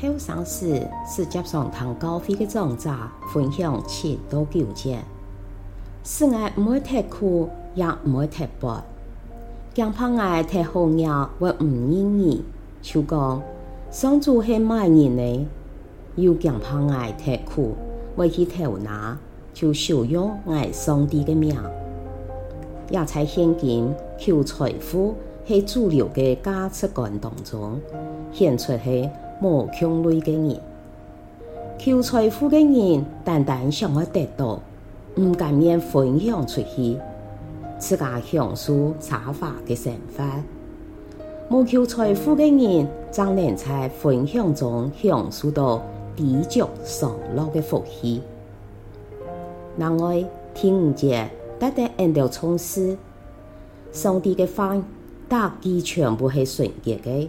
還有上次是接上堂高飛個莊家分享七到九節，是愛唔會太苦，也唔會太飽。強迫愛太好，鳥，我唔願意。就講，上主係賣人呢，又強迫愛太苦，為去偷懶，就修養愛上帝個命。也采現今求財富，係主流嘅價值觀當中，現出係。無窮累嘅人，求財富嘅人，單單想我得到，唔甘願分享出去，自家享受奢華嘅生活。無求財富嘅人，年才能在分享中享受到地久上落的福氣。人愛聽唔見，單單按照常識，上帝嘅話，大計全部係純潔嘅。